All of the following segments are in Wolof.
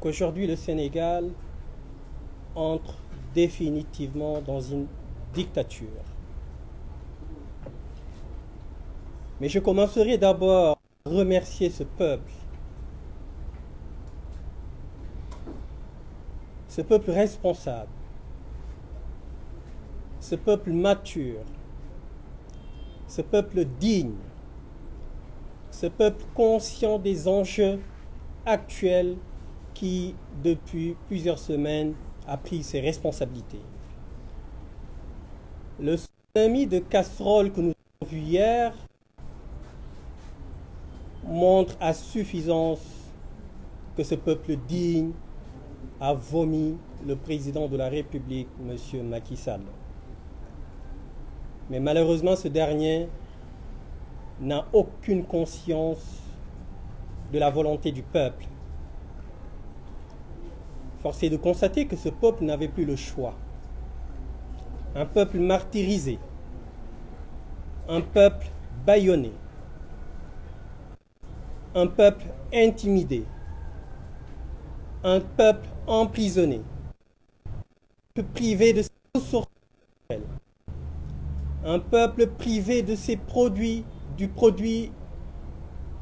qu'aujourd'hui le Sénégal entre définitivement dans une dictature. Mais je commencerai d'abord à remercier ce peuple. Ce peuple responsable. Ce peuple mature. Ce peuple digne. Ce peuple conscient des enjeux actuels qui, depuis plusieurs semaines, a pris ses responsabilités. Le tsunami de casserole que nous avons vu hier montre à suffisance que ce peuple digne a vomi le président de la République, M. Macky Sall. Mais malheureusement, ce dernier n'a aucune conscience de la volonté du peuple Forcé de constater que ce peuple n'avait plus le choix. Un peuple martyrisé, un peuple bâillonné, un peuple intimidé, un peuple emprisonné, un peuple privé de ses ressources, un peuple privé de ses produits, du produit,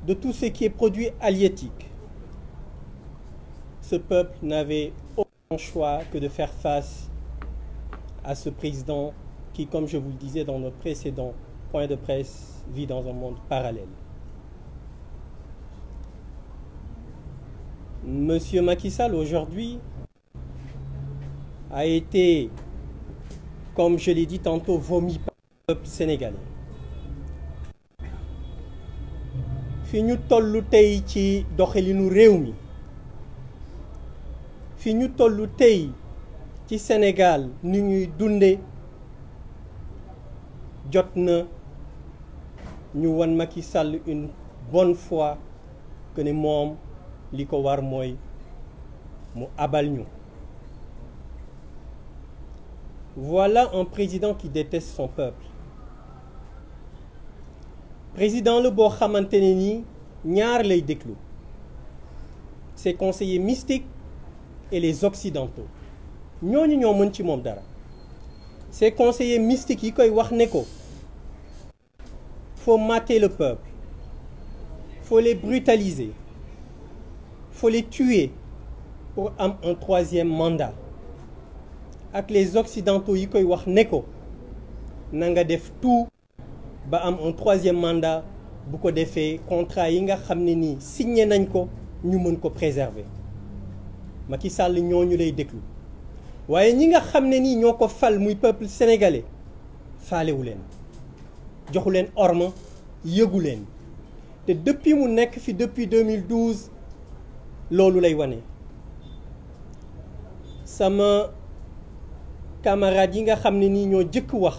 de tout ce qui est produit halieutique ce peuple n'avait aucun choix que de faire face à ce président qui, comme je vous le disais dans notre précédent point de presse, vit dans un monde parallèle. Monsieur Macky Sall, aujourd'hui, a été, comme je l'ai dit tantôt, vomi par le peuple sénégalais. Finu tollu tey ci fi ñu tollu tey ci Sénégal ni ñuy dundé jot na ñu wan Macky Sall une bonne fois que ne moom li ko war mooy mu abal ñu voilà un président qui déteste son peuple président la boo xamante ne ñaar lay déglu ses conseillers mystiques et les occidentaux Nous ñoo mën ci moom dara ces conseillers mystiques qui koy wax n'eko, faut mater le peuple faut les brutaliser faut les tuer pour un troisième mandat Avec les occidentaux qui koy wax qu'ils ko na tout pour am un troisième mandat pour ko des contrat qui nga xam ne nii signé préserver Macky Sall ñu lay déglu waye ñi nga xamné ni nii ko fal muy peuple sénégalais wu len joxu len orma yëgu leen depuis mu nekk fi depuis 2012 lolu lay wane sama camarade yi nga xamné ni nii ñoo jëkk wax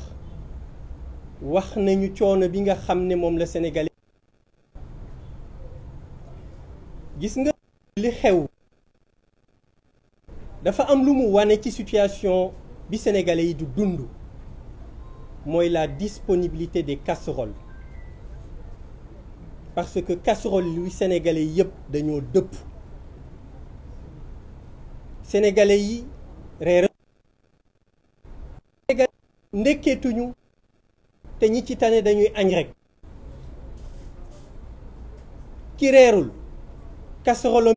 wax nañu coono bi nga xamné mom la sénégalais gis nga li xew dafa am lu mu wane ci situation bi sénégalais yi du dundu moy la disponibilité des casseroles parce que casserole lui sénégalais yep dañoo depp sénégalais yi reer ñu té ñi ci tane dañuy añ rek ki rérul casserole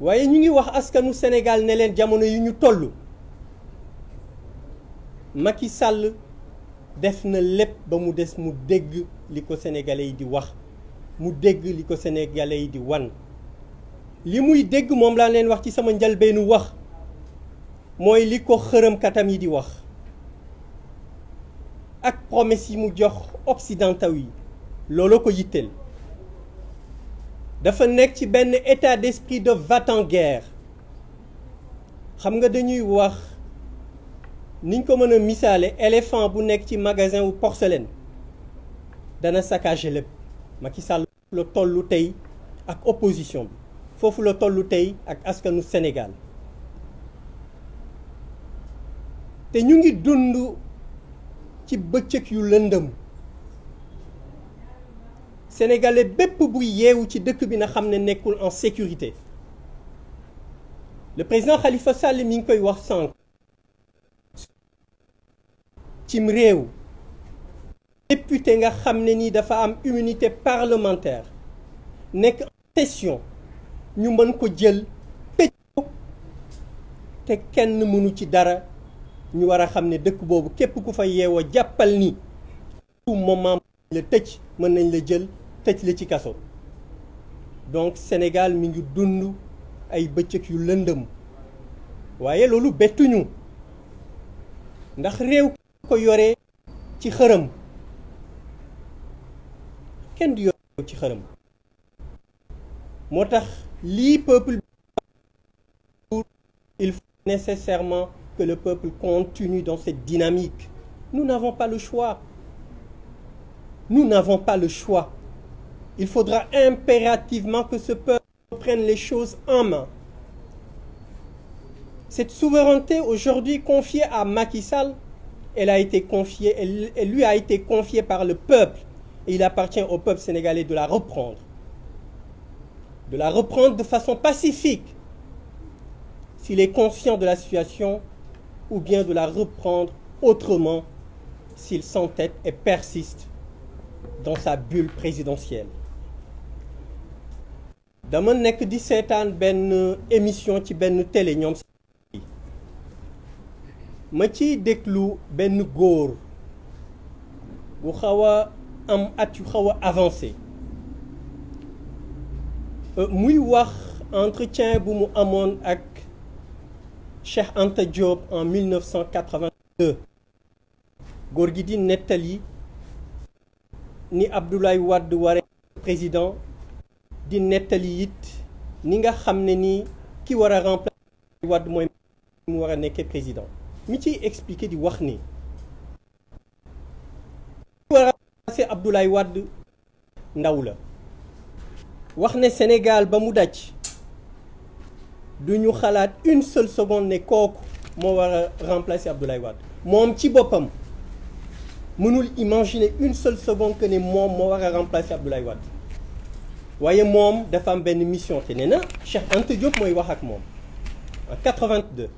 waaye ñu ngi wax askanu Sénégal neleen jamono yu ñu toll Macky sàll def na lépp ba mu des mu dégg li ko sénégalais yi di wax mu dégg li ko sénégalais yi di wan li muy dégg moom laa leen wax ci sama njëlbeenu wax mooy li ko xërëm xërëmkatam yi di wax ak promesse yi mu jox occidentaux yi looloo ko yitteel dafa y ci un état d'esprit de va en guerre xam nga dañuy wax niñ ko éléphant bu ci magasin ou porcelaine dana saccagé le Macky Sall la tollu ak opposition bi le tollu ak askanu Sénégal té ñu ngi dund ci yu sénégalais bépp bu yeewu ci dëkk bi na en sécurité le président Khalifa Sall mi ngi koy wax sànq cim réew député nga xamné ni dafa am immunité parlementaire nek en session ñu mën ko jël tëj té kenn mënu ci dara ñu wara xamné dëkk bobu képp ku fa yéwo jappal ni tout moment le tecc mën nañ la jël tëj la ci donc Sénégal mi ngi ay vous yu ndax ko ci kenn peuple il faut nécessairement que le peuple continue dans cette dynamique nous n'avons pas le choix nous n'avons pas le choix il faudra impérativement que ce peuple reprenne les choses en main. Cette souveraineté aujourd'hui confiée à Macky Sall, elle, a été confiée, elle lui a été confiée par le peuple et il appartient au peuple sénégalais de la reprendre. De la reprendre de façon pacifique, s'il est conscient de la situation, ou bien de la reprendre autrement s'il s'entête et persiste dans sa bulle présidentielle dama 17 di dans une émission ci ben télé ñom ma un déclou Ben bu am euh, entretien bu ak Cheikh Anta en 1982 gor ni Abdoulaye Wade président di nettali Ninga ni nga xamné ni ki wara remplacer Wade moy mu wara a président mi ci expliquer di wax ni ki war a remplacer Abdoulaye Wade ndawla wax ne Sénégal ba mu daj duñu xalaat une seule seconde ne koku mo wara remplacer Abdoulaye Wade mom ci bopam mënul imaginer une seule seconde que ne mom mo wara remplacer Abdoulaye Wade waaye mom, dafa am ben mission te nee na Cheikh moi Diop mooy wax ak en 82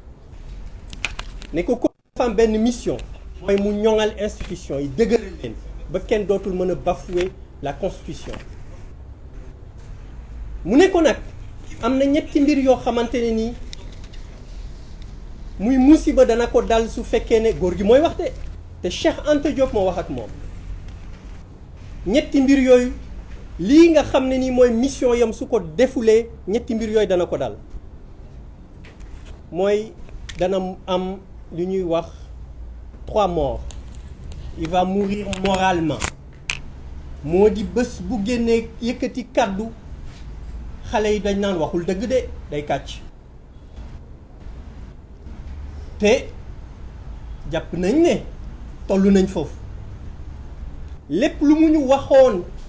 ne ko ko dafa am benn mission mooy mu ñoŋal institution yi dëgëral leen ba kenn le monde bafouer la constitution mu ne ko nag am na ñetti mbir yoo xamante ne nii muy musiba dana ko dal su fekkee ne góor gi mooy wax de te Cheikh Anta moi moo wax ak moom ñetti mbir li nga xamné une mission yam suko défouler ñetti mbir dana ko am trois morts il va mourir moralement Il di bu génné yëkëti xalé yi dañ waxul dëgg day te nañ nañ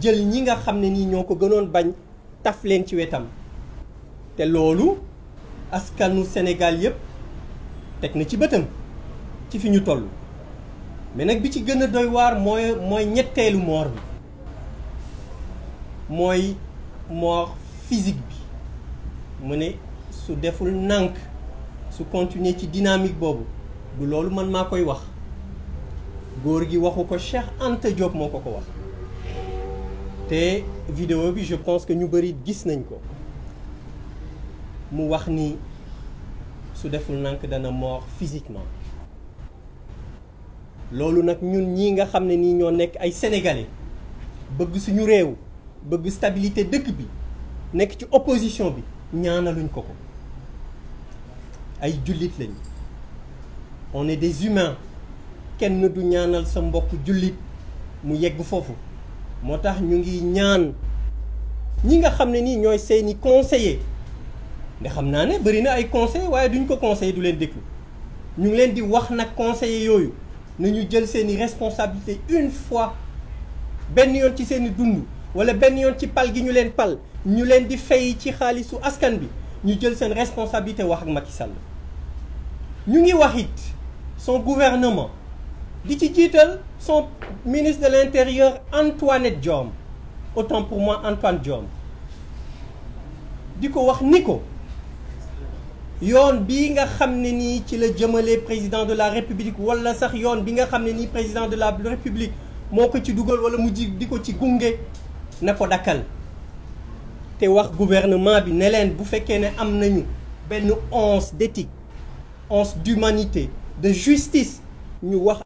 jël ñi nga xamné ni ñoko ñoo gënoon bañ taf leen ci wétam té loolu askanu Sénégal yépp teg na ci bëtam ci fi ñu mais nak bi ci gëna doy war moy moy ñetteelu moor bi physique bi mu su deful nank su continuer ci dynamique bobu du loolu man maa koy wax góor gi waxu ko Cheikh Anta Diop moo ko ko te vidéo bi je pense que ñu bëri gis nañ ko mu wax ni su deful nank mort physiquement Lolo nak ñun ñi nga xamné ni ño nek ay sénégalais bëgg suñu réew bëgg stabilité dëkk bi nek ci opposition bi ñaanaluñ ko ko ay julit lañ on est des humains kenn du ñaanal sa mbokk julit mu yegg fofu motax ñu ngi ñaan ñi nga xamné ni ñoy ñooy seeni conseiller nda xam naa ne na ay conseil waye duñ ko conseiller du leen déglu ñu ngi leen di wax nag conseiller yooyu nañu jël seeni responsabilité une fois Ben yoon ci seeni dund wala Ben yoon ci pal gi ñu leen pal ñu leen di fay ci xaalisu askan bi ñu jël seen responsabilité wax ak Macky Sall ñu ngi waxit son gouvernement di son ministre de l'intérieur Antoinette djom autant pour moi Antoine djom Du coup, wax Nico. Yon Binga bii nga le ne président de la république wala sax yoon bi nga président de la république Moko que ci dugal wala mu diko di gunge na dakal. te wax gouvernement bi ne leen bu fekkee ne am d'éthique once d'humanité de justice ñu wax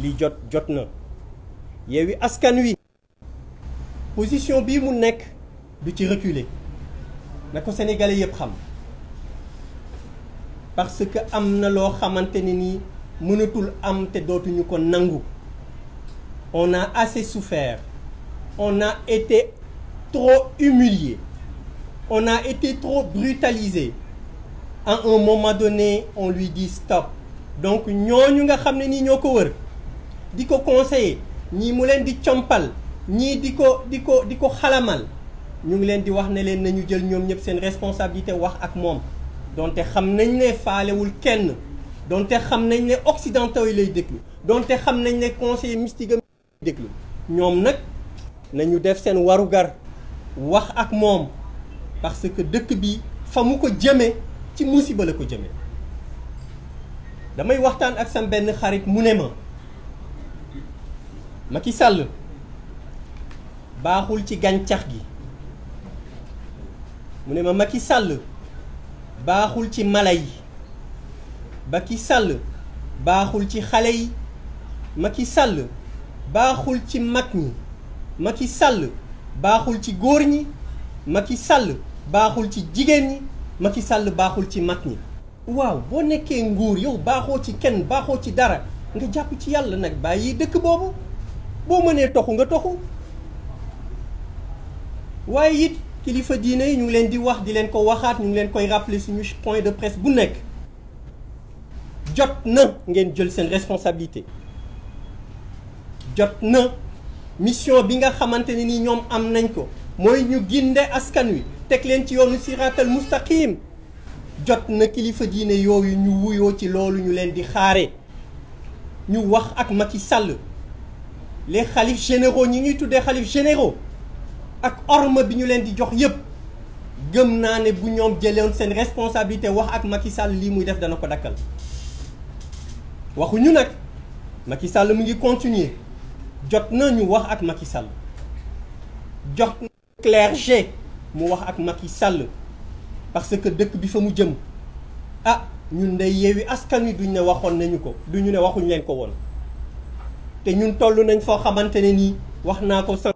li jot jot na Yewwi Askan Wi position bi mu nek du ci reculer nako sénégalais yépp xam parce que am lo loo ni mënatul am te dootuñu ko nangu on a assez souffert on a été trop humilié on a été trop brutalisé à un moment donné on lui dit stop donc ñoñu nga xam ne ko wër ni conseiller ñii mu leen di dico ñii diko diko diko xalamal ñu ngi leen di wax ne leen nañu jël responsabilité wax ak mom donte xam nañ ne wul kenn donte xam nañ ne occidentaux donte xam nañ ne mystique déglu nañu def parce que dekk bi fa ko jëme ci musiba ko jëme damay waxtaan ak sam Macky sàll baaxul ci gàncax gi mu ne ma Macky sàll baaxul ci mala yi ba Macky sàll baaxul ci xale yi ma Macky Sall baaxul ci mag ñi ma Macky sàll baaxul ci góor ñi ma Macky sàll baaxul ci jigéen ñi ma Macky Sall baaxul ci mag ñi waaw boo nekkee nguur yow baaxoo ci kenn baaxoo ci dara nga jàpp ci yàlla nag bàyyi dëkk boobu bo mënee toxu nga toxu waye yit kilifa diine ñu ngi leen di wax di leen ko waxaat ñu ngi leen koy rappeler suñu point de presse bu nekk jot na ngeen jël seen responsabilité jot na mission bi nga xamante ne ni ñoom am nañ ko mooy ñu ginde askan wi teg leen ci yoonu siratal mustaqim jot na kilifa diine yooyu ñu wuyoo ci loolu ñu leen di xaare ñu wax ak Macky Sall les khalifs généraux ñi tous généraux ak orme bi ñu leen di jox yépp gëm naa ne bu ñoom responsabilité wax ak Macky Sall lii muy def dana ko dakkal nag Macky Sall mu ngi continuer jot ak clergé mu wax parce que dëkk bi fa mu jëm ah ñun day yeewi askan wi duñ ko ne te ñun toll nañ foo xamante ne nii wax naa ko sa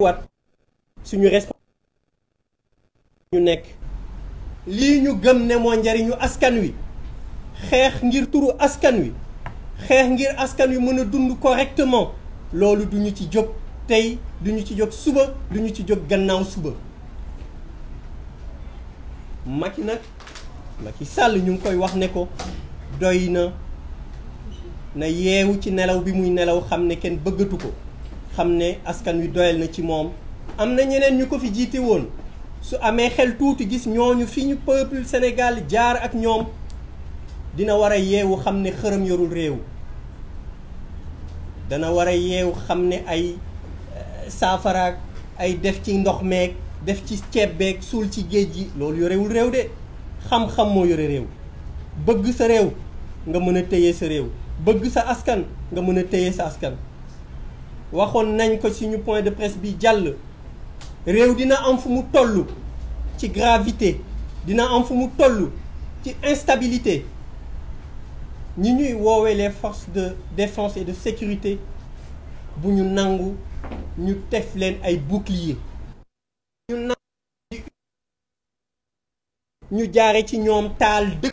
wat suñu responsabilité ñu nekk lii ñu gëm ne moo njariñu askan wi xeex ngir turu askan wi xeex ngir askan wi mën a dund correctement loolu duñu ci jóg tey duñu ci jóg suba duñu ci jóg gannaaw suba Macky nag Macky sàll ñu ngi koy wax ne ko doy na na yeewu ci nelaw bi muy nelaw xam ne kenn bëggatu ko xam ne askan wi doyal na ci moom am na ñeneen ñu ko fi jiite woon su amee xel tuuti gis ñooñu fi ñu peuple Sénégal jaar ak ñoom dina war a yeewu xam ne xërëm yorul réew dana war a yeewu xam ne ay eh, saafaraak ay def ci ndox meeg def ci ceeb beeg suul ci géej gi loolu yorewul réew de xam-xam moo yore réew bëgg sa réew nga mën a téye sa réew bëgg sa askan nga askan nañ ko point de presse bi jàll réew dina gravité dina am fu instabilité ñi ñuy les forces de défense et de sécurité bu ñu nangu ñu tef leen ay bouclier ñu ñu ci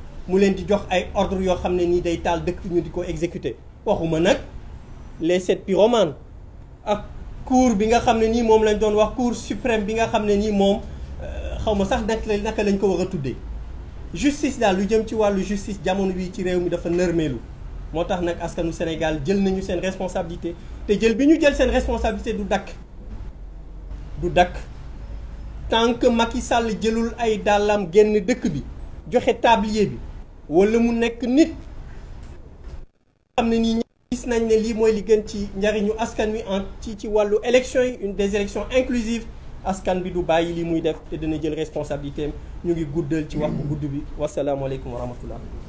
mu leen di jox ay ordre yo xamné ni day taal dëkk ñu diko exécuter waxuma nak les sept pyromanes ak cour bi nga xamné ni mom lañ doon wax cour suprême bi nga xamné ni mom euh, xawma xaw ma sax naka naka lañ ko wara a justice daal lu jëm ci walu justice jamono wi ci réew mi dafa nërmeelu motax nak askanu Sénégal jël nañu seen responsabilité té jël biñu jël seen responsabilité du dak du dak tant que Macky Sall jëlul ay dalam genn dëkk bi joxe tablier bi wala mu nekk nit xam ne nii gis nañ ne lii mooy li gën ci njariñu askan wi en ci ci wàllu élection yi une des élections inclusives askan bi du bàyyi li muy def te dina jël responsabilité ñu ngi guddal ci wax bu gudd bi wasalaamualeykum wa rahmatullah